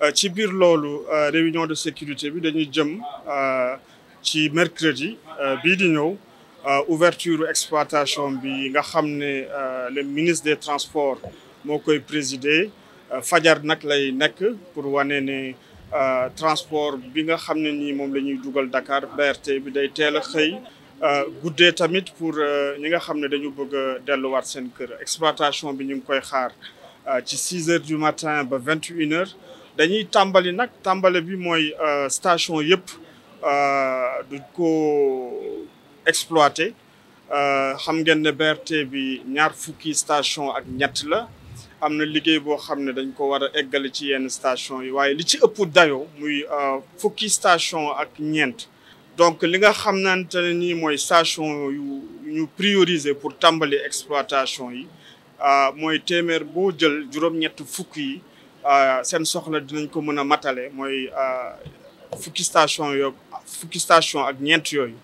Euh, ci biir loolu euh, réunion de sécurité bi dañuy jëm euh, ci mercredi bii di ñëw ouverture exploitation bi nga xam ne le ministre des transport moo koy présider fajar nag lay nekk pour wane ne transport bi nga xam ne nii moom la ñuy dugal Dakar BRT bi day teel a xëy guddee tamit pour ñi nga xam ne dañu bëgg a delluwaat seen kër exploitation bi ñu ngi koy xaar ci 6 heures du matin ba 21 heures dañuy tàmbali nag tàmbale bi mooy euh, station yëpp euh, duñ ko exploité euh, xam ngeen ne BRT bi ñaar fukki station ak ñett la am na liggéey boo xam ne dañ ko war a eggale ci yenn station yi waaye li ci ëpp dayo muy fukki station ak ñeent donc li nga xam nante ne mooy station yu ñu prioriser pour tàmbali exploitation yi mooy téeméer boo jël juróom-ñett fukk yi Euh, seen soxla dinañ ko mën a matale mooy euh, fukki station yo fukki station ak ñeent yooyu